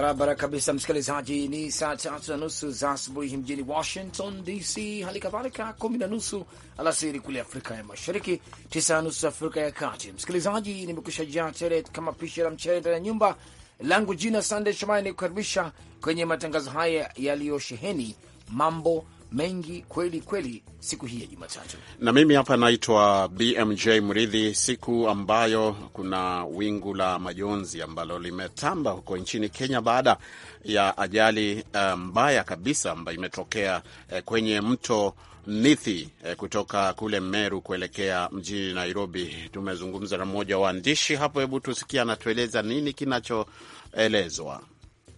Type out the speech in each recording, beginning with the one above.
barabara kabisa, msikilizaji. Ni saa tatu na nusu za asubuhi mjini Washington DC, hali kadhalika kumi na nusu alasiri kule Afrika ya Mashariki, tisa na nusu Afrika ya Kati. Msikilizaji, nimekusha jaa tele kama pishi la mchele ndani ya nyumba langu. Jina Sandey Shomai, ni kukaribisha kwenye matangazo haya yaliyosheheni mambo mengi kweli kweli siku hii ya Jumatatu. Na mimi hapa naitwa BMJ Mridhi, siku ambayo kuna wingu la majonzi ambalo limetamba huko nchini Kenya baada ya ajali eh, mbaya kabisa ambayo imetokea eh, kwenye mto Nithi eh, kutoka kule Meru kuelekea mjini Nairobi. Tumezungumza na mmoja wa waandishi hapo, hebu tusikia anatueleza nini kinachoelezwa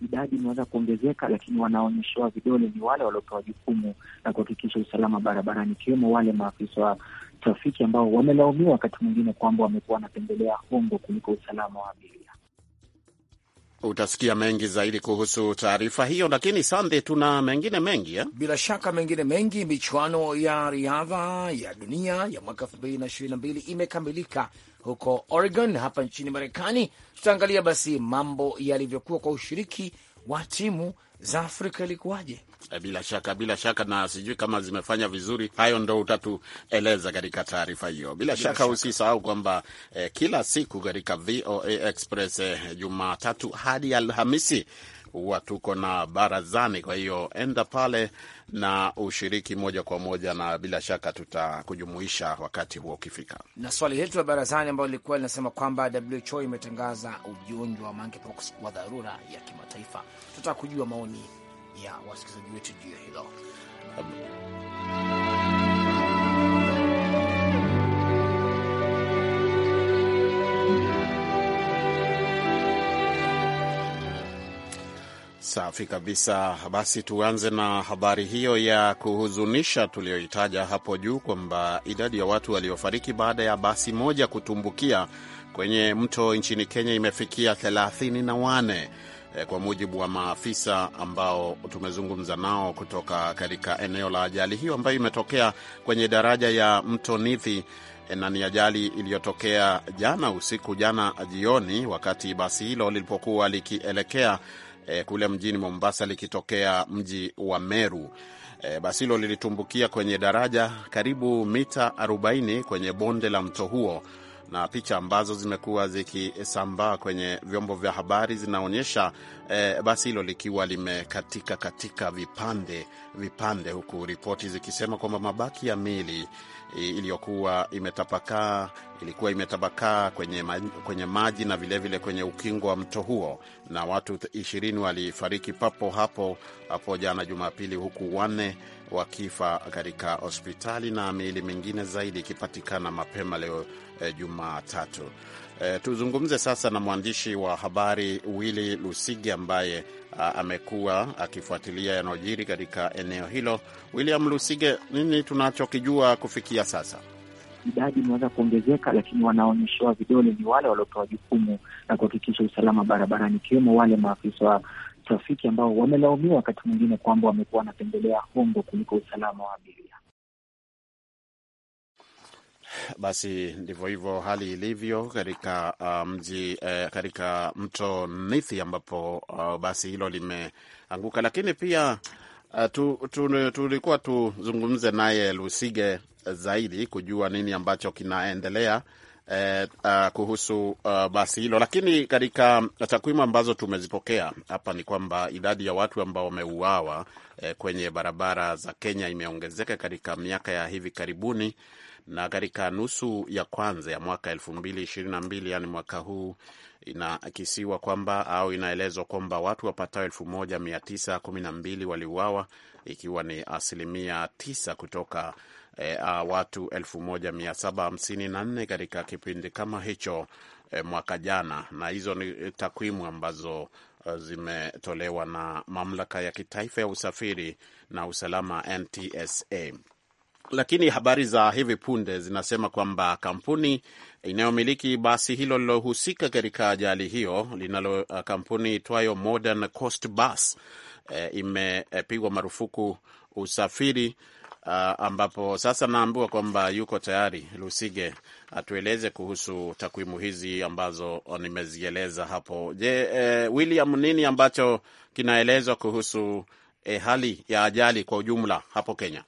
idadi imeweza kuongezeka, lakini wanaonyeshewa vidole ni wale waliopewa jukumu la kuhakikisha usalama barabarani, ikiwemo wale maafisa wa trafiki ambao wamelaumiwa wakati mwingine kwamba wamekuwa wanapendelea hongo kuliko usalama wa abiria. Utasikia mengi zaidi kuhusu taarifa hiyo, lakini Sande, tuna mengine mengi eh? Bila shaka mengine mengi. Michuano ya riadha ya dunia ya mwaka elfu mbili na ishirini na mbili imekamilika huko Oregon hapa nchini Marekani. Tutaangalia basi mambo yalivyokuwa kwa ushiriki wa timu za Afrika ilikuwaje? Eh, bila shaka, bila shaka, na sijui kama zimefanya vizuri. Hayo ndo utatueleza katika taarifa hiyo. Bila, bila shaka usisahau kwamba eh, kila siku katika VOA Express eh, Jumatatu hadi Alhamisi huwa tuko na barazani. Kwa hiyo enda pale na ushiriki moja kwa moja, na bila shaka tutakujumuisha wakati huo ukifika. Na swali letu la barazani ambalo lilikuwa linasema kwamba WHO imetangaza ugonjwa wa monkeypox wa dharura ya kimataifa, tutakujua kujua maoni ya wasikilizaji wetu juu ya hilo. Safi kabisa. Basi tuanze na habari hiyo ya kuhuzunisha tuliyoitaja hapo juu kwamba idadi ya watu waliofariki baada ya basi moja kutumbukia kwenye mto nchini Kenya imefikia thelathini na wane eh, kwa mujibu wa maafisa ambao tumezungumza nao kutoka katika eneo la ajali hiyo ambayo imetokea kwenye daraja ya mto Nithi eh, na ni ajali iliyotokea jana usiku, jana jioni, wakati basi hilo lilipokuwa likielekea e, kule mjini Mombasa likitokea mji wa Meru. E, basi hilo lilitumbukia kwenye daraja karibu mita 40 kwenye bonde la mto huo na picha ambazo zimekuwa zikisambaa kwenye vyombo vya habari zinaonyesha eh, basi hilo likiwa limekatika katika vipande vipande, huku ripoti zikisema kwamba mabaki ya mili iliyokuwa imetapakaa ilikuwa imetapakaa kwenye, ma, kwenye maji na vilevile vile kwenye ukingo wa mto huo, na watu ishirini walifariki papo hapo hapo jana Jumapili, huku wanne wakifa katika hospitali na miili mingine zaidi ikipatikana mapema leo Eh, Jumatatu. E, tuzungumze sasa na mwandishi wa habari willi Lusigi ambaye ah, amekuwa akifuatilia yanayojiri katika eneo hilo. William Lusige, nini tunachokijua kufikia sasa? Idadi imeweza kuongezeka, lakini wanaonyeshewa vidole ni wale waliopewa jukumu la kuhakikisha usalama barabarani, ikiwemo wale maafisa wa trafiki ambao wamelaumiwa wakati mwingine kwamba wamekuwa wanapendelea hongo kuliko usalama wa abiria. Basi ndivyo hivyo hali ilivyo katika uh, mji uh, katika mto Nithi ambapo uh, basi hilo limeanguka, lakini pia uh, tu, tu, tulikuwa tuzungumze naye Lusige zaidi kujua nini ambacho kinaendelea eh, uh, kuhusu uh, basi hilo, lakini katika takwimu ambazo tumezipokea hapa ni kwamba idadi ya watu ambao wameuawa eh, kwenye barabara za Kenya imeongezeka katika miaka ya hivi karibuni na katika nusu ya kwanza ya mwaka elfu mbili ishirini na mbili yani mwaka huu inakisiwa kwamba au inaelezwa kwamba watu wapatao elfu moja mia tisa kumi na mbili waliuawa ikiwa ni asilimia tisa kutoka e, a, watu elfu moja mia saba hamsini na nne katika kipindi kama hicho e, mwaka jana, na hizo ni eh, takwimu ambazo zimetolewa na mamlaka ya kitaifa ya usafiri na usalama NTSA. Lakini habari za hivi punde zinasema kwamba kampuni inayomiliki basi hilo lilohusika katika ajali hiyo linalo uh, kampuni itwayo Modern Coast Bus e, imepigwa marufuku usafiri Uh, ambapo sasa naambiwa kwamba yuko tayari Lusige atueleze kuhusu takwimu hizi ambazo nimezieleza hapo. Je, eh, William, nini ambacho kinaelezwa kuhusu eh, hali ya ajali kwa ujumla hapo Kenya?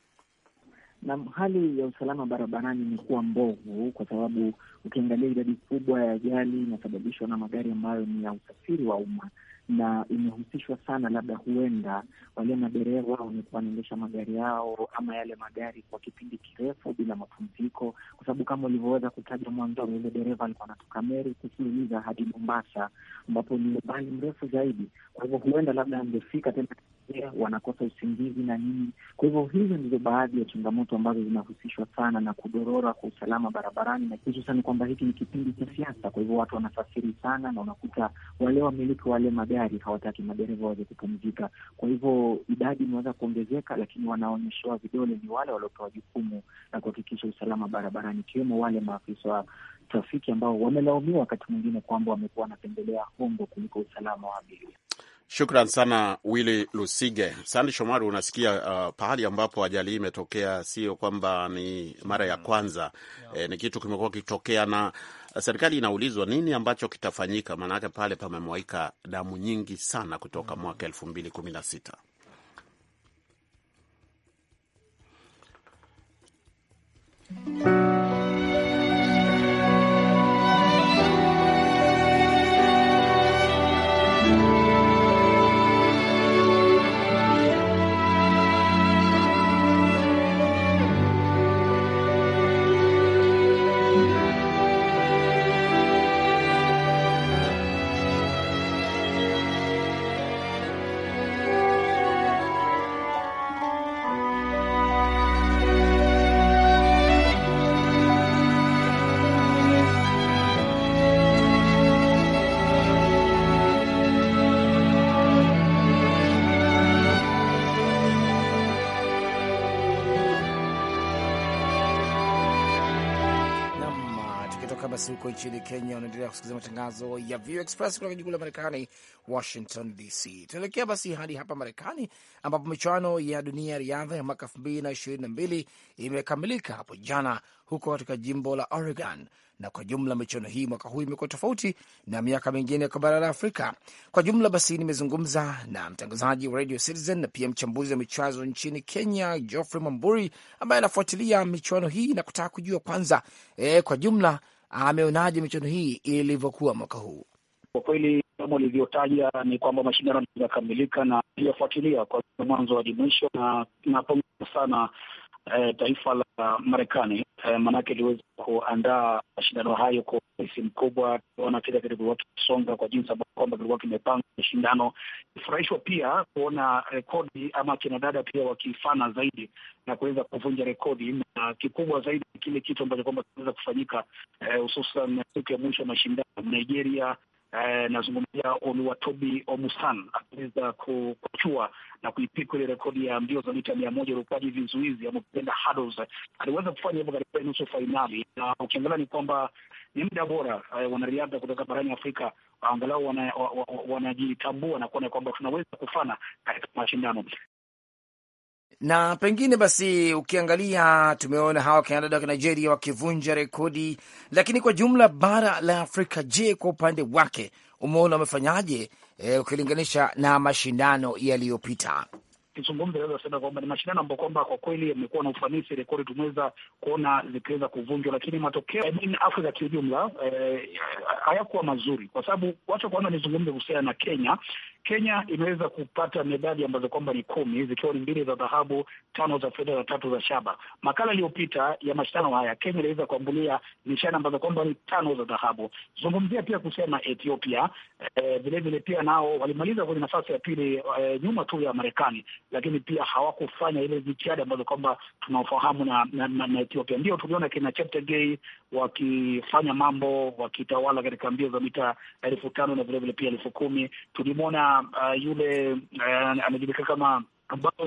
na hali ya usalama barabarani imekuwa mbovu, kwa sababu ukiangalia idadi kubwa ya ajali inasababishwa na magari ambayo ni ya usafiri wa umma, na imehusishwa sana, labda huenda wale madereva wamekuwa wanaendesha magari yao ama yale magari kwa kipindi kirefu bila mapumziko, kwa sababu kama ulivyoweza kutaja mwanzo yule dereva alikuwa anatoka Meru kufululiza hadi Mombasa, ambapo ni umbali mrefu zaidi. Kwa hivyo huenda labda angefika tena wanapotea, wanakosa usingizi na nini. Kwa hivyo hizo ndizo baadhi ya changamoto ambazo zinahusishwa sana na kudorora kwa usalama barabarani, na hususan kwamba hiki ni kipindi cha siasa. Kwa hivyo watu wanasafiri sana, na unakuta wale wamiliki wale magari hawataki madereva waweze kupumzika. Kwa hivyo idadi imeweza kuongezeka, lakini wanaonyeshewa vidole ni wale waliopewa jukumu la kuhakikisha usalama barabarani, ikiwemo wale maafisa wa trafiki ambao wamelaumiwa wakati mwingine kwamba wamekuwa wanapendelea hongo kuliko usalama wa abiria. Shukran sana willi Lusige. sandi Shomari, unasikia uh, pahali ambapo ajali hii imetokea, sio kwamba ni mara ya mm. kwanza yeah. E, ni kitu kimekuwa kitokea na uh, serikali inaulizwa nini ambacho kitafanyika, maanake pale pamemwaika damu nyingi sana kutoka mm. mwaka elfu mbili kumi na sita. huko nchini Kenya. Unaendelea kusikiliza matangazo ya VOA Express kutoka jiji kuu la Marekani, Washington DC. Tunaelekea basi hadi hapa Marekani, ambapo michuano ya dunia ya riadha ya mwaka elfu mbili na ishirini na mbili imekamilika hapo jana huko katika jimbo la Oregon. Na kwa jumla michuano hii mwaka huu imekuwa tofauti na miaka mingine kwa bara la Afrika kwa jumla. Basi nimezungumza na mtangazaji wa Radio Citizen na pia mchambuzi wa michezo nchini Kenya, Geoffrey Mwamburi, ambaye anafuatilia michuano hii na kutaka kujua kwanza, e, kwa jumla ameonaje michuano hii ilivyokuwa mwaka huu? Kwa kweli kama ulivyotaja ni kwamba mashindano yamekamilika na iliyofuatilia kwa mwanzo hadi mwisho, na napongeza sana eh, taifa la Marekani eh, maanake iliweza kuandaa mashindano hayo kwa urahisi mkubwa. Tuona kila kitu kilikuwa kisonga kwa jinsi ambavyo kwamba kilikuwa kimepanga mashindano. ifurahishwa pia kuona rekodi ama kinadada pia wakifana zaidi na kuweza kuvunja rekodi, na kikubwa zaidi kile kitu ambacho kwamba kinaweza kufanyika eh, hususan eh, siku ya mwisho ya mashindano Nigeria eh, nazungumzia Oluwatobi Omusan akiweza kuchua na kuipika ile rekodi ya mbio za mita mia moja urukaji vizuizi ama kupenda hurdles. Aliweza kufanya hivyo katika nusu fainali, na ukiangalia ni kwamba ni muda bora eh, wanariadha kutoka barani Afrika angalau wanajitambua wana, wana, wana na kuona kwamba tunaweza kufana katika mashindano na pengine basi ukiangalia, tumeona hawa kina wa Nigeria wakivunja rekodi, lakini kwa jumla bara la Afrika, je, kwa upande wake umeona wamefanyaje e, ukilinganisha na mashindano yaliyopita? Kizungumza naweza sema kwamba ni mashindano ambayo kwamba kwa kweli yamekuwa na ufanisi, rekodi tumeweza kuona zikiweza kuvunjwa, lakini matokeo in Afrika kiujumla eh, hayakuwa eh, mazuri, kwa sababu wacha kwanza nizungumze kuhusiana na Kenya. Kenya imeweza kupata medali ambazo kwamba ni kumi zikiwa ni mbili za dhahabu, tano za fedha na tatu za shaba. Makala iliyopita ya mashindano haya Kenya iliweza kuambulia nishana ambazo kwamba ni tano za dhahabu. Zungumzia pia kusema Ethiopia vilevile, eh, pia nao walimaliza kwenye nafasi ya pili eh, nyuma tu ya Marekani, lakini pia hawakufanya ile jitihada ambazo kwamba tunaofahamu na, na, na, na Ethiopia. Ndio tuliona kina Cheptegei wakifanya mambo wakitawala katika mbio za mita elfu tano na vilevile pia elfu kumi tulimwona uh, yule uh, anajulikana kama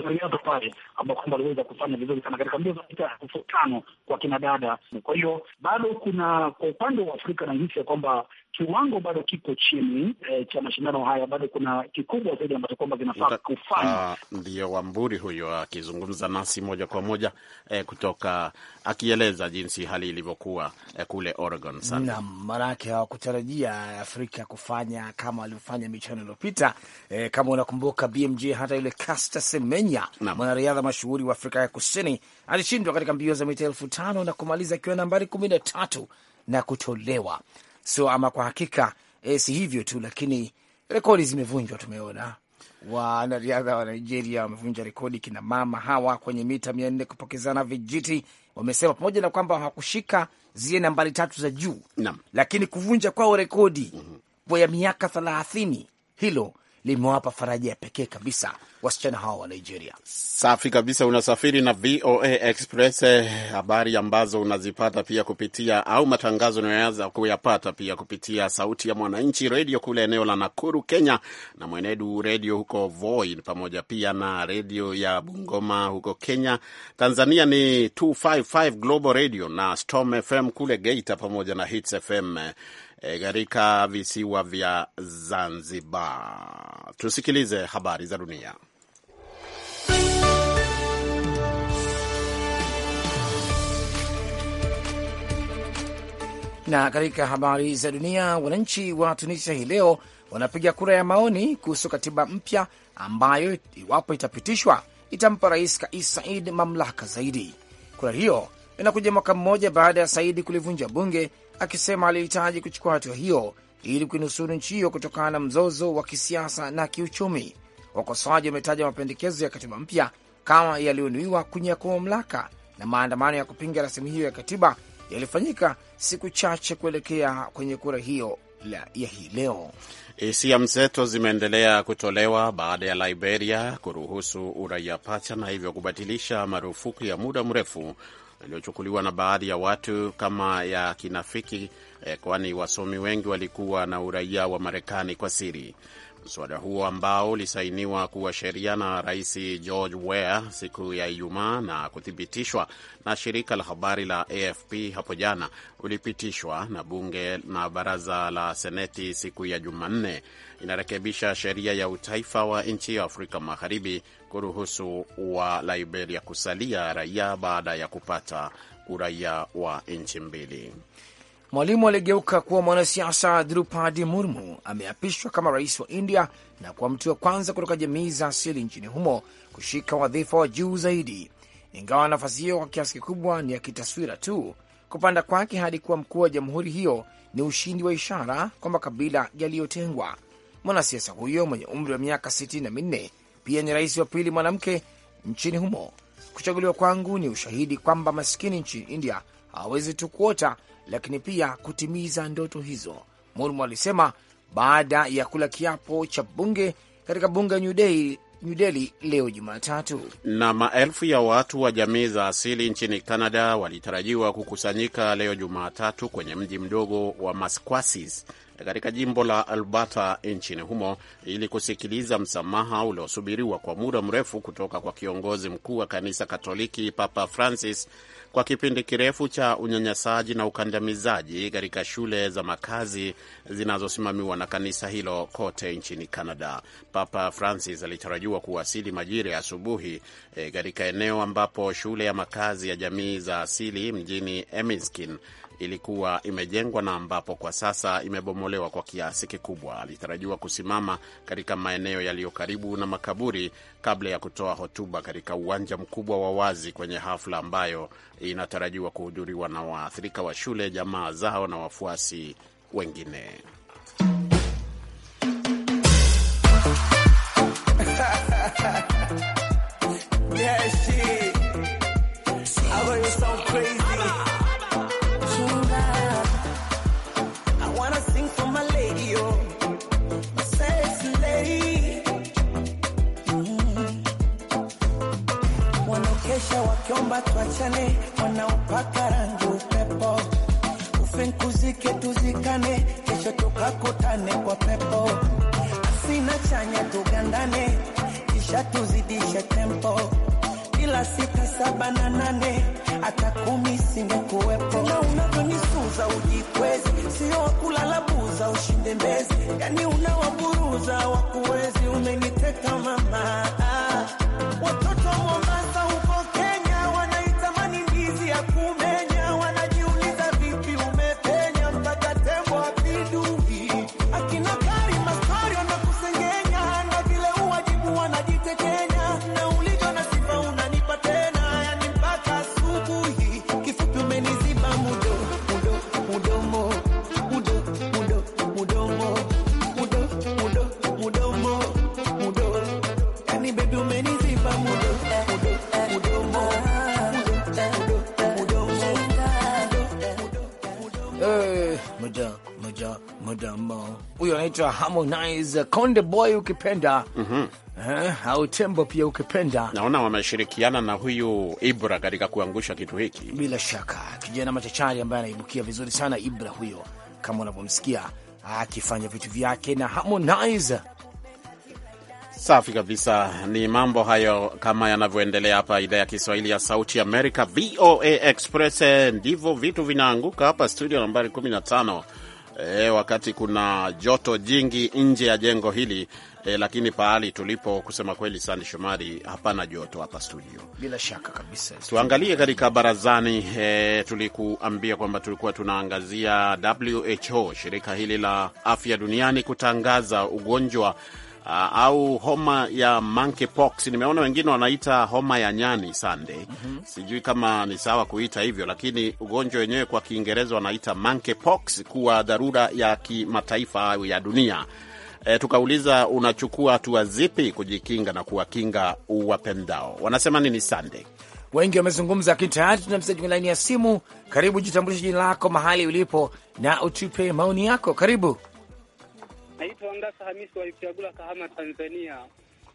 riadha pale ambao kwamba aliweza kufanya vizuri sana katika mbio za mita elfu tano kwa kinadada. Kwa hiyo bado kuna kwa upande wa Afrika na nchi ya kwamba kiwango bado kiko chini eh, cha mashindano haya, bado kuna kikubwa zaidi ambacho kwamba kinafaa kufanya. Ah, ndio Wamburi huyo akizungumza nasi moja kwa moja eh, kutoka akieleza jinsi hali ilivyokuwa eh, kule Oregon. Sana naam, maanake hawakutarajia Afrika kufanya kama walivyofanya michuano iliyopita. eh, kama unakumbuka BMJ, hata ile Caster Semenya mwanariadha mashuhuri wa Afrika ya Kusini alishindwa katika mbio za mita elfu tano na kumaliza akiwa nambari kumi na tatu na kutolewa so ama kwa hakika e, si hivyo tu, lakini rekodi zimevunjwa. Tumeona wanariadha wa Nigeria wamevunja rekodi, kina mama hawa kwenye mita mia nne kupokezana vijiti wamesema pamoja na kwamba hawakushika zile nambari tatu za juu lakini kuvunja kwao rekodi mm -hmm. ya miaka thelathini hilo limewapa faraja ya pekee kabisa wasichana hawa wa Nigeria. Safi kabisa. Unasafiri na VOA Express, eh, habari ambazo unazipata pia kupitia au matangazo unayoweza kuyapata pia kupitia Sauti ya Mwananchi redio kule eneo la Nakuru, Kenya, na Mwenedu redio huko Voi, pamoja pia na redio ya Bungoma huko Kenya. Tanzania ni 255 Global Radio na Storm FM kule Geita, pamoja na Hits FM E, katika visiwa vya Zanzibar. Tusikilize habari za dunia. Na katika habari za dunia, wananchi wa Tunisia hii leo wanapiga kura ya maoni kuhusu katiba mpya ambayo iwapo itapitishwa itampa rais Kais Said mamlaka zaidi. Kura hiyo inakuja mwaka mmoja baada ya Saidi kulivunja bunge akisema alihitaji kuchukua hatua hiyo ili kuinusuru nchi hiyo kutokana na mzozo wa kisiasa na kiuchumi. Wakosoaji wametaja mapendekezo ya katiba mpya kama yaliyonuiwa kunyakua mamlaka, na maandamano ya kupinga rasimu hiyo ya katiba yalifanyika siku chache kuelekea kwenye kura hiyo la ya hii leo. Hisia mseto zimeendelea kutolewa baada ya Liberia kuruhusu uraia pacha na hivyo kubatilisha marufuku ya muda mrefu yaliyochukuliwa na baadhi ya watu kama ya kinafiki eh, kwani wasomi wengi walikuwa na uraia wa Marekani kwa siri. Mswada huo ambao ulisainiwa kuwa sheria na Rais George Weah siku ya Ijumaa na kuthibitishwa na shirika la habari la AFP hapo jana, ulipitishwa na bunge na baraza la seneti siku ya Jumanne. Inarekebisha sheria ya utaifa wa nchi ya Afrika Magharibi kuruhusu wa Liberia kusalia raia baada ya kupata uraia wa nchi mbili. Mwalimu aliyegeuka kuwa mwanasiasa Drupadi Murmu ameapishwa kama rais wa India na kuwa mtu wa kwanza kutoka jamii za asili nchini humo kushika wadhifa wa juu zaidi. Ingawa nafasi hiyo kwa kiasi kikubwa ni ya kitaswira tu, kupanda kwake hadi kuwa mkuu wa jamhuri hiyo ni ushindi wa ishara kwa makabila yaliyotengwa. Mwanasiasa huyo mwenye umri wa miaka sitini na minne pia ni rais wa pili mwanamke nchini humo. Kuchaguliwa kwangu ni ushahidi kwamba maskini nchini India hawezi tu kuota, lakini pia kutimiza ndoto hizo, Murmu alisema baada ya kula kiapo cha bunge katika bunge ya New Delhi New Delhi leo Jumatatu. Na maelfu ya watu wa jamii za asili nchini Canada walitarajiwa kukusanyika leo Jumatatu kwenye mji mdogo wa masquasis katika jimbo la Alberta nchini humo ili kusikiliza msamaha uliosubiriwa kwa muda mrefu kutoka kwa kiongozi mkuu wa kanisa Katoliki Papa Francis kwa kipindi kirefu cha unyanyasaji na ukandamizaji katika shule za makazi zinazosimamiwa na kanisa hilo kote nchini Canada. Papa Francis alitarajiwa kuwasili majira ya asubuhi eh, katika e, eneo ambapo shule ya makazi ya jamii za asili mjini Emiskin ilikuwa imejengwa na ambapo kwa sasa imebomolewa kwa kiasi kikubwa. Alitarajiwa kusimama katika maeneo yaliyo karibu na makaburi kabla ya kutoa hotuba katika uwanja mkubwa wa wazi kwenye hafla ambayo inatarajiwa kuhudhuriwa na waathirika wa shule, jamaa zao na wafuasi wengine. yes, Mama, tuachane, wanaopaka rangi upepo, ufenkuzike tuzikane, kesho tukakutane kwa pepo, asina chanya tugandane, kisha tuzidishe tempo, kila sita, saba na nane, hata kumi singekuwepo. Na unavyonisuza ujikwezi, sio wakulala buza, ushinde mbezi, yani unawaburuza wakuwezi, umeniteka mama, ah, watoto wa Mombasa huyo anaitwa Harmonize Konde Boy ukipenda mm -hmm. Uh, au tembo pia ukipenda. Naona wameshirikiana na huyu Ibra katika kuangusha kitu hiki, bila shaka kijana machachari ambaye anaibukia vizuri sana Ibra huyo, kama unavyomsikia akifanya vitu vyake na Harmonize. Safi kabisa, ni mambo hayo kama yanavyoendelea hapa idhaa ya Kiswahili ya Sauti Amerika, VOA Express. Eh, ndivyo vitu vinaanguka hapa studio nambari 15 e, wakati kuna joto jingi nje ya jengo hili e, lakini pahali tulipo kusema kweli, Sandi Shomari, hapana joto hapa studio. Bila shaka kabisa, tuangalie katika barazani. E, tulikuambia kwamba tulikuwa tunaangazia WHO, shirika hili la afya duniani kutangaza ugonjwa uh, au homa ya monkeypox. Nimeona wengine wanaita homa ya nyani sande mm -hmm. Sijui kama ni sawa kuita hivyo, lakini ugonjwa wenyewe kwa Kiingereza wanaita monkeypox kuwa dharura ya kimataifa au ya dunia. E, tukauliza unachukua hatua zipi kujikinga na kuwakinga uwapendao. Wanasema nini Sande, Wengi wamezungumza, lakini tayari tuna msaji kwenye laini ya simu. Karibu, jitambulishe jina lako, mahali ulipo na utupe maoni yako. Karibu. Baraka Hamisi walichagula Kahama, Tanzania,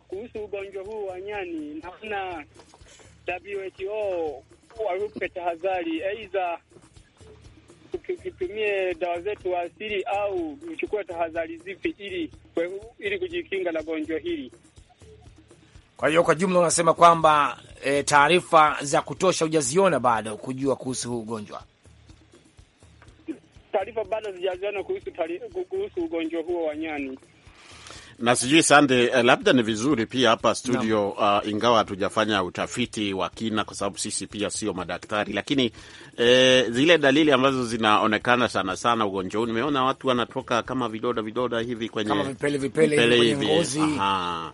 kuhusu ugonjwa huu wa nyani. Naona WHO warupe tahadhari, aidha kutumie dawa zetu wa asili au uchukue tahadhari zipi ili ili kujikinga na gonjwa hili. Kwa hiyo kwa jumla unasema kwamba e, taarifa za kutosha hujaziona bado kujua kuhusu huu ugonjwa taarifa bado zijaziana kuhusu kuhusu ugonjwa huo wa nyani na sijui sande. Eh, labda ni vizuri pia hapa studio uh, ingawa hatujafanya utafiti wa kina kwa sababu sisi pia sio madaktari, lakini eh, zile dalili ambazo zinaonekana sana sana ugonjwa huu, nimeona watu wanatoka kama vidoda vidoda hivi kwenye kama vipele vipele, vipele, vipele vipele, vipele, Aha.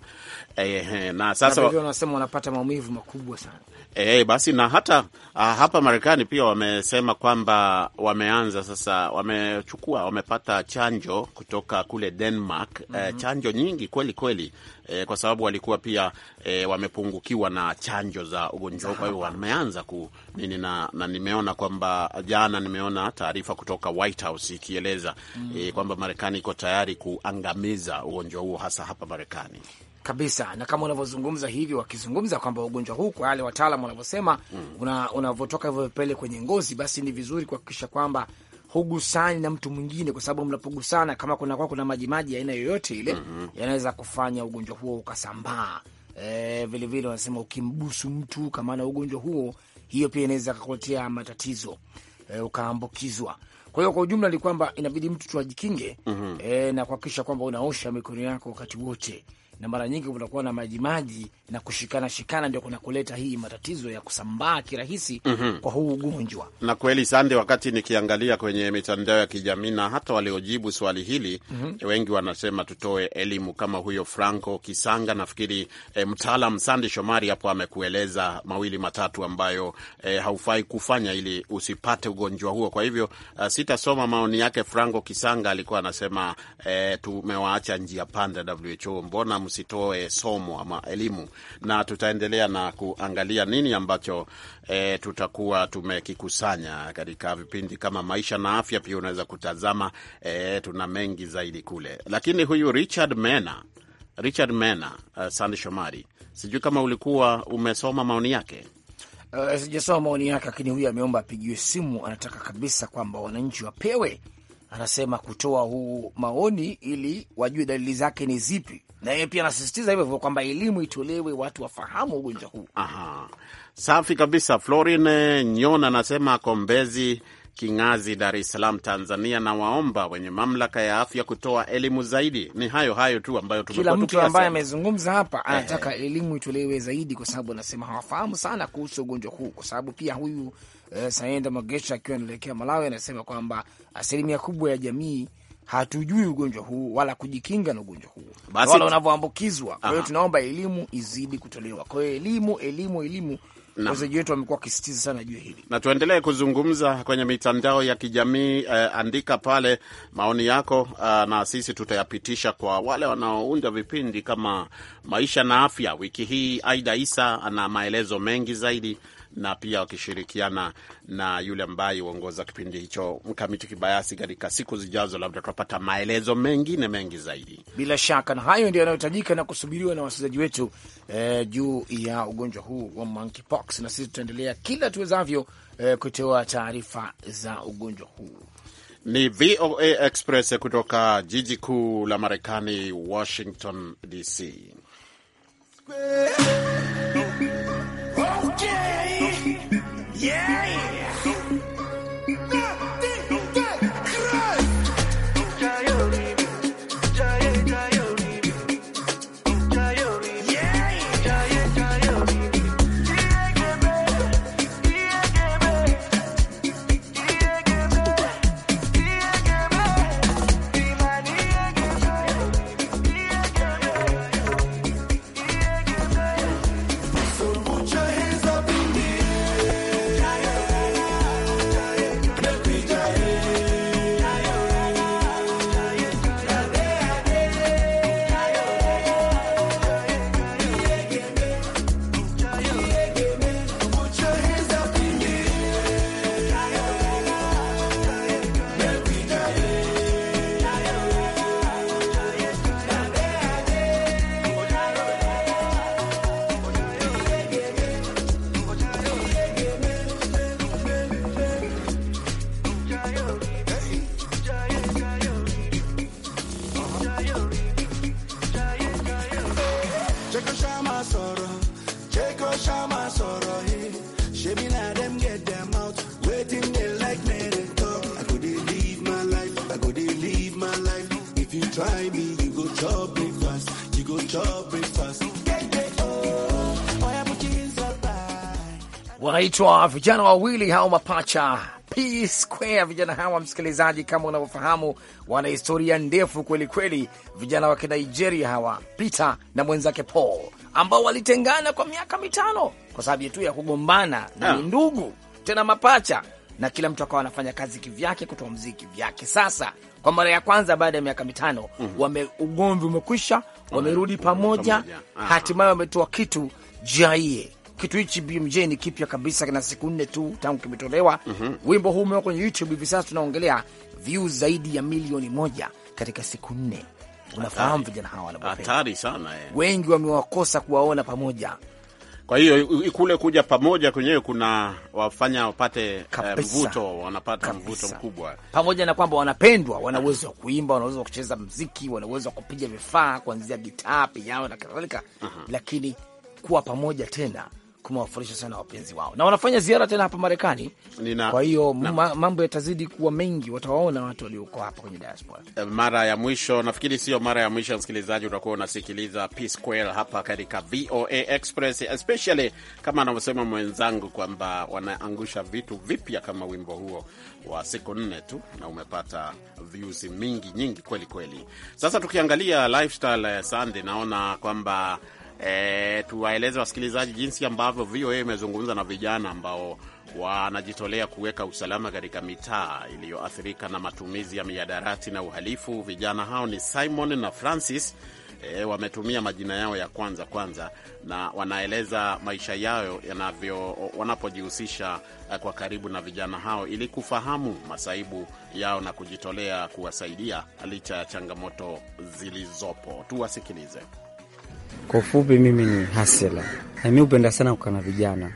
E, na sasa wanasema wanapata maumivu makubwa sana e, basi na hata ah, hapa Marekani pia wamesema kwamba wameanza sasa, wamechukua wamepata chanjo kutoka kule Denmark mm -hmm. Eh, mhm. chanjo nyingi kweli kweli eh, kwa sababu walikuwa pia eh, wamepungukiwa na chanjo za ugonjwa kwa hiyo wameanza ku nini na, na nimeona kwamba jana nimeona taarifa kutoka White House ikieleza mm -hmm. eh, kwamba Marekani iko tayari kuangamiza ugonjwa huo hasa hapa Marekani kabisa. Na kama unavyozungumza hivi, wakizungumza kwamba ugonjwa huu kwa wale wataalam wanavyosema, mm, unavyotoka hivyo vipele kwenye ngozi, basi ni vizuri kuhakikisha kwamba hugusani na mtu mwingine, kwa sababu mnapogusana, kama kunakuwa kuna majimaji ya aina yoyote ile, mm -hmm. yanaweza kufanya ugonjwa huo ukasambaa. E, vilevile wanasema ukimbusu mtu kama na ugonjwa huo, hiyo pia inaweza kakuletea matatizo e, ukaambukizwa. Kwa hiyo kwa ujumla ni kwamba inabidi mtu tuajikinge, mm -hmm. e, na kuhakikisha kwamba unaosha mikono yako wakati wote na mara nyingi kutakuwa na majimaji na kushikana shikana, ndio kuna kuleta hii matatizo ya kusambaa kirahisi mm -hmm. kwa huu ugonjwa. Na kweli sande, wakati nikiangalia kwenye mitandao ya kijamii na hata waliojibu swali hili mm -hmm. wengi wanasema tutoe elimu kama huyo Franco Kisanga, nafikiri e, mtaalam Sande Shomari hapo amekueleza mawili matatu ambayo e, haufai kufanya ili usipate ugonjwa huo. Kwa hivyo uh, sitasoma maoni yake. Franco Kisanga alikuwa anasema e, tumewaacha njia panda WHO, mbona msitoe somo ama elimu, na tutaendelea na kuangalia nini ambacho e, tutakuwa tumekikusanya katika vipindi kama maisha na afya. Pia unaweza kutazama e, tuna mengi zaidi kule, lakini huyu Richard Mena, Richard Mena uh, Sande Shomari, sijui kama ulikuwa umesoma maoni yake. Uh, sijasoma maoni yake, lakini huyu ameomba apigiwe simu, anataka kabisa kwamba wananchi wapewe anasema kutoa huu maoni ili wajue dalili zake ni zipi, na yeye pia anasisitiza hivyo hivyo kwamba elimu itolewe, watu wafahamu ugonjwa huu. Aha, safi kabisa. Florin Nyona anasema ako Mbezi King'azi, Dar es Salaam, Tanzania, na waomba wenye mamlaka ya afya kutoa elimu zaidi. Ni hayo hayo tu ambayo kila mtu ambaye amezungumza hapa anataka elimu itolewe zaidi, kwa sababu anasema hawafahamu sana kuhusu ugonjwa huu, kwa sababu pia huyu eh, Saenda Magesha akiwa anaelekea Malawi, anasema kwamba asilimia kubwa ya jamii hatujui ugonjwa huu wala kujikinga na ugonjwa huu basi wala unavyoambukizwa. Kwa hiyo tunaomba elimu izidi kutolewa. Kwa hiyo elimu, elimu, elimu wazaji wetu wamekuwa wakisitiza sana juu hili, na tuendelee kuzungumza kwenye mitandao ya kijamii eh, andika pale maoni yako eh, na sisi tutayapitisha kwa wale wanaounda vipindi kama Maisha na Afya. Wiki hii Aida Isa ana maelezo mengi zaidi na pia wakishirikiana na yule ambaye uongoza kipindi hicho Mkamiti Kibayasi. Katika siku zijazo, labda tutapata maelezo mengine mengi zaidi. Bila shaka, na hayo ndio yanayohitajika na kusubiriwa na wasikilizaji wetu eh, juu ya ugonjwa huu wa monkeypox, na sisi tutaendelea kila tuwezavyo eh, kutoa taarifa za ugonjwa huu. Ni VOA Express kutoka jiji kuu la Marekani, Washington DC. Wanaitwa vijana wawili hao mapacha P Square. Vijana hawa, msikilizaji, kama unavyofahamu, wana historia ndefu kweli kweli, vijana wa Kinigeria hawa, Peter na mwenzake Paul, ambao walitengana kwa miaka mitano kwa sababu tu ya kugombana na ah. ndugu tena mapacha na kila mtu akawa anafanya kazi kivyake, kutoa mziki vyake. Sasa kwa mara ya kwanza baada ya miaka mitano mm -hmm. wame ugomvi umekwisha, wamerudi pamoja, ah. hatimaye wametoa kitu jaie kitu hichi BMJ ni kipya kabisa, kina siku nne tu tangu kimetolewa. mm -hmm. Wimbo huu umewekwa kwenye YouTube hivi sasa tunaongelea views zaidi ya milioni moja katika siku nne. Unafahamu vijana hawa wanapopenda hatari sana eh. Wengi wamewakosa kuwaona pamoja kwa hiyo kule kuja pamoja kwenyewe kuna wafanya wapate eh, mvuto, wanapata kabisa, mvuto mkubwa, pamoja na kwamba wanapendwa, wana uwezo wa kuimba, wana uwezo wa kucheza mziki, wana uwezo wa kupiga vifaa kuanzia gitaa, piano na kadhalika, lakini kuwa pamoja tena kumewafurahisha sana wapenzi wao, na wanafanya ziara tena hapa Marekani. Kwa hiyo ma, mambo yatazidi kuwa mengi, watawaona watu walioko hapa kwenye diaspora. Eh, mara ya mwisho nafikiri sio mara ya mwisho, msikilizaji, utakuwa unasikiliza P Square hapa katika VOA Express, especially kama anavyosema mwenzangu kwamba wanaangusha vitu vipya kama wimbo huo wa siku nne tu, na umepata views mingi nyingi kweli kweli. Sasa tukiangalia lifestyle Sunday, naona kwamba e, tuwaeleze wasikilizaji jinsi ambavyo VOA imezungumza na vijana ambao wanajitolea kuweka usalama katika mitaa iliyoathirika na matumizi ya miadarati na uhalifu. Vijana hao ni Simon na Francis. E, wametumia majina yao ya kwanza kwanza na wanaeleza maisha yao yanavyo wanapojihusisha eh, kwa karibu na vijana hao ili kufahamu masaibu yao na kujitolea kuwasaidia licha ya changamoto zilizopo. Tuwasikilize. Kwa ufupi, mimi ni hasela na mi hupenda sana kukaa na vijana,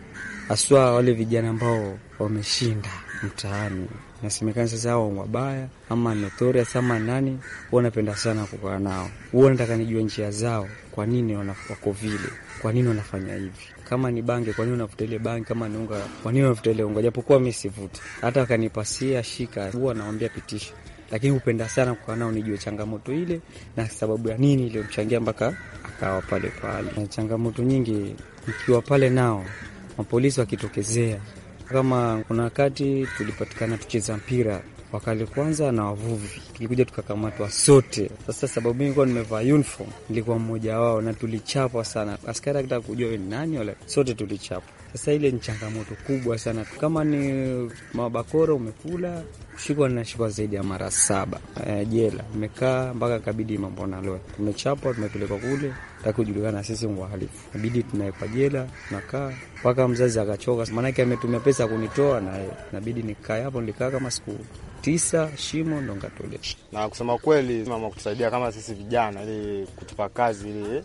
haswa wale vijana ambao wameshinda mtaani. Nasemekana sasa hao wabaya ama notorious ama nani, huwa napenda sana kukaa nao, huwa nataka nijua njia zao, kwa nini wako vile, kwa nini wanafanya hivi. Kama ni bange, kwa nini unavuta ile bange? Kama ni unga, kwa nini unavuta ile unga? Japokuwa mi sivuti, hata wakanipasia shika, huwa nawambia pitisha lakini hupenda sana kukaa nao nijue changamoto ile na sababu ya nini iliyomchangia mpaka akawa pale pale. Changamoto nyingi ikiwa pale nao, mapolisi wakitokezea. Kama kuna wakati tulipatikana tucheza mpira wakali kwanza na wavuvi, tulikuja tukakamatwa sote. Sasa sababu mimi nilikuwa nimevaa uniform, nilikuwa mmoja wao na tulichapwa sana, askari akitaka kujua we ni nani, wala sote tulichapwa. Sasa ile ni changamoto kubwa sana, kama ni mabakoro umekula kushikwa, nashikwa zaidi ya mara saba eh, jela, mekaa mpaka kabidi mambo naloa tumechapwa tumepelekwa kule taka kujulikana sisi wahalifu, inabidi tunawekwa jela, nakaa mpaka mzazi akachoka, maanake ametumia pesa kunitoa, na inabidi nikae hapo. Nilikaa kama siku tisa, shimo ndo ngatole. Na kusema kweli, mama kutusaidia kama sisi vijana, ili kutupa kazi ili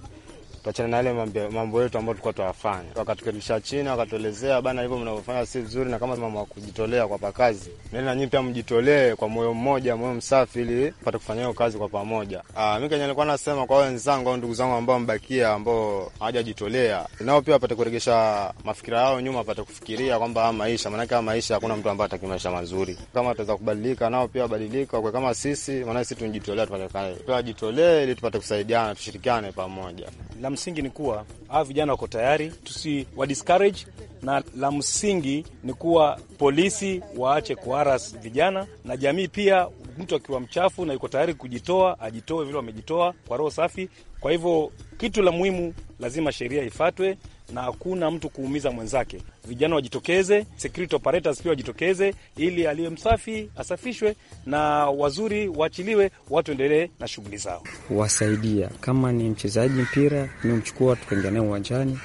tuachane na yale mambo yetu ambayo tulikuwa tuwafanya. Wakatukelisha chini, wakatuelezea bana, hivyo mnavyofanya si vizuri, na kama mama kujitolea kwa pakazi, nani na nyinyi pia mjitolee kwa moyo mmoja, moyo msafi, ili tupate kufanya hiyo kazi kwa pamoja. Ah, mimi kenye nilikuwa nasema kwa wenzangu au ndugu zangu ambao mbakia, ambao hawajajitolea nao pia wapate kuregesha mafikira yao nyuma, wapate kufikiria kwamba haya maisha, maanake haya maisha, hakuna mtu ambaye ataki maisha mazuri. Kama tutaweza kubadilika, nao pia wabadilika kwa kama sisi, maanake sisi tunajitolea, tupate kazi, kujitolea ili tupate kusaidiana, tushirikiane pamoja. La msingi ni kuwa hawa vijana wako tayari, tusiwadiscourage, na la msingi ni kuwa polisi waache kuharas vijana na jamii pia. Mtu akiwa mchafu na yuko tayari kujitoa ajitoe vile wamejitoa kwa roho safi. Kwa hivyo kitu la muhimu, lazima sheria ifatwe na hakuna mtu kuumiza mwenzake. Vijana wajitokeze, security operators pia wajitokeze, ili aliye msafi asafishwe na wazuri waachiliwe, watu endelee na shughuli zao. Wasaidia kama ni mchezaji mpira, nimemchukua tukaingia naye uwanjani.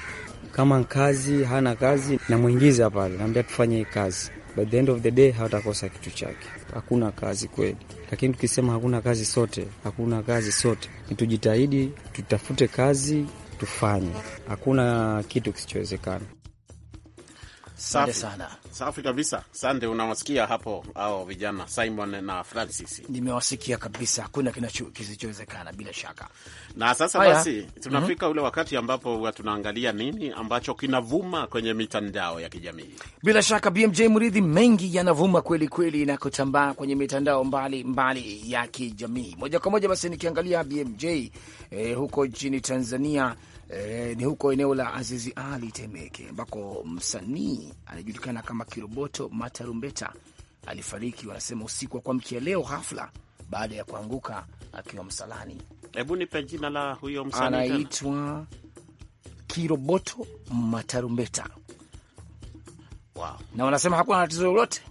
Kama kazi hana kazi, namwingiza pale, naambia tufanye hii kazi. By the end of the day hawatakosa kitu chake. Hakuna kazi kweli, lakini tukisema hakuna kazi sote, hakuna kazi sote, ni tujitahidi tutafute kazi tufanye, hakuna kitu kisichowezekana. Safi sana, safi kabisa. Sande, unawasikia hapo hao vijana Simon na Francis? Nimewasikia kabisa, hakuna kisichowezekana bila shaka. Na sasa Aya, basi tunafika mm -hmm. ule wakati ambapo tunaangalia nini ambacho kinavuma kwenye mitandao ya kijamii. Bila shaka BMJ Mridhi, mengi yanavuma kweli kweli na kutambaa kwenye mitandao mbali mbali ya kijamii. Moja kwa moja basi nikiangalia BMJ eh, huko nchini Tanzania eh, ni huko eneo la Azizi Ali Temeke ambako msanii anajulikana kama Kiroboto Matarumbeta alifariki, wanasema usiku wa kuamkia leo hafla baada ya kuanguka akiwa msalani. Hebu nipe jina la huyo msanii. Anaitwa Kiroboto Matarumbeta. Wow. Na wanasema hakuwa na tatizo lolote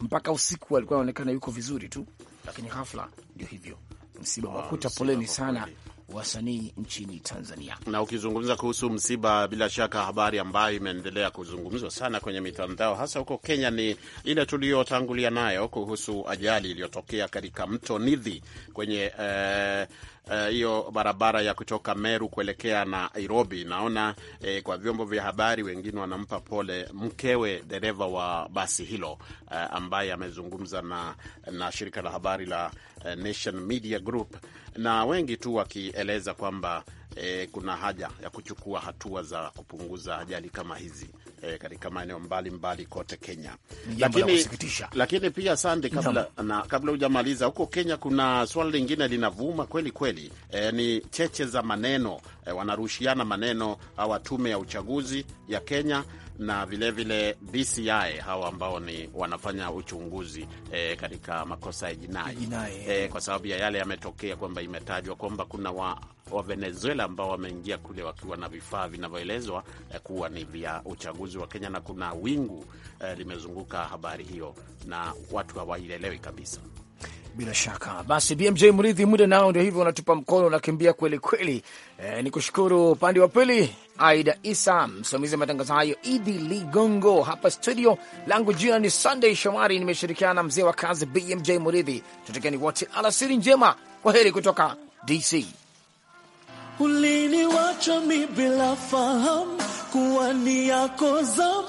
mpaka usiku, alikuwa anaonekana yuko vizuri tu, lakini hafla ndio hivyo msiba wakuta. Poleni sana wasanii nchini Tanzania. Na ukizungumza kuhusu msiba, bila shaka habari ambayo imeendelea kuzungumzwa sana kwenye mitandao hasa huko Kenya ni ile tuliyotangulia nayo kuhusu ajali iliyotokea katika mto Nithi kwenye eh, eh hiyo uh, barabara ya kutoka Meru kuelekea na Nairobi. Naona eh, kwa vyombo vya habari wengine wanampa pole mkewe dereva wa basi hilo uh, ambaye amezungumza na, na shirika la habari la uh, Nation Media Group, na wengi tu waki akieleza kwamba e, kuna haja ya kuchukua hatua za kupunguza ajali kama hizi e, katika maeneo mbalimbali kote Kenya. Lakini, lakini pia sande, kabla na, kabla hujamaliza huko Kenya, kuna swala lingine linavuma kweli kweli, e, ni cheche za maneno e, wanarushiana maneno au tume ya uchaguzi ya Kenya na vilevile vile DCI hawa ambao ni wanafanya uchunguzi e, katika makosa ya jinai e, kwa sababu ya yale yametokea, kwamba imetajwa kwamba kuna wa wa Venezuela ambao wameingia kule wakiwa na vifaa vinavyoelezwa eh, kuwa ni vya uchaguzi wa Kenya, na kuna wingu eh, limezunguka habari hiyo na watu hawaielewi kabisa. Bila shaka basi, BMJ Mridhi, muda nao ndio hivyo unatupa mkono, unakimbia kweli kweli. E, ni kushukuru upande wa pili Aida Isa, msimamizi wa matangazo hayo Idi Ligongo, hapa studio langu jina ni Sunday Shomari, nimeshirikiana na mzee wa kazi BMJ Mridhi. Tutekeni wote alasiri njema, kwa heri kutoka DC. Uliniwacha mi bila fahamu kuwa ni yako zamu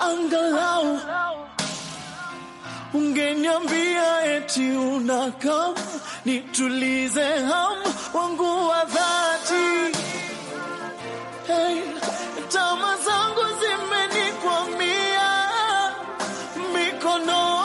angalau Ungeniambia eti una kam nitulize ham wangu wa dhati. Hey, tama zangu zimenikwamia mikono